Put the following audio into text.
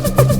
thank you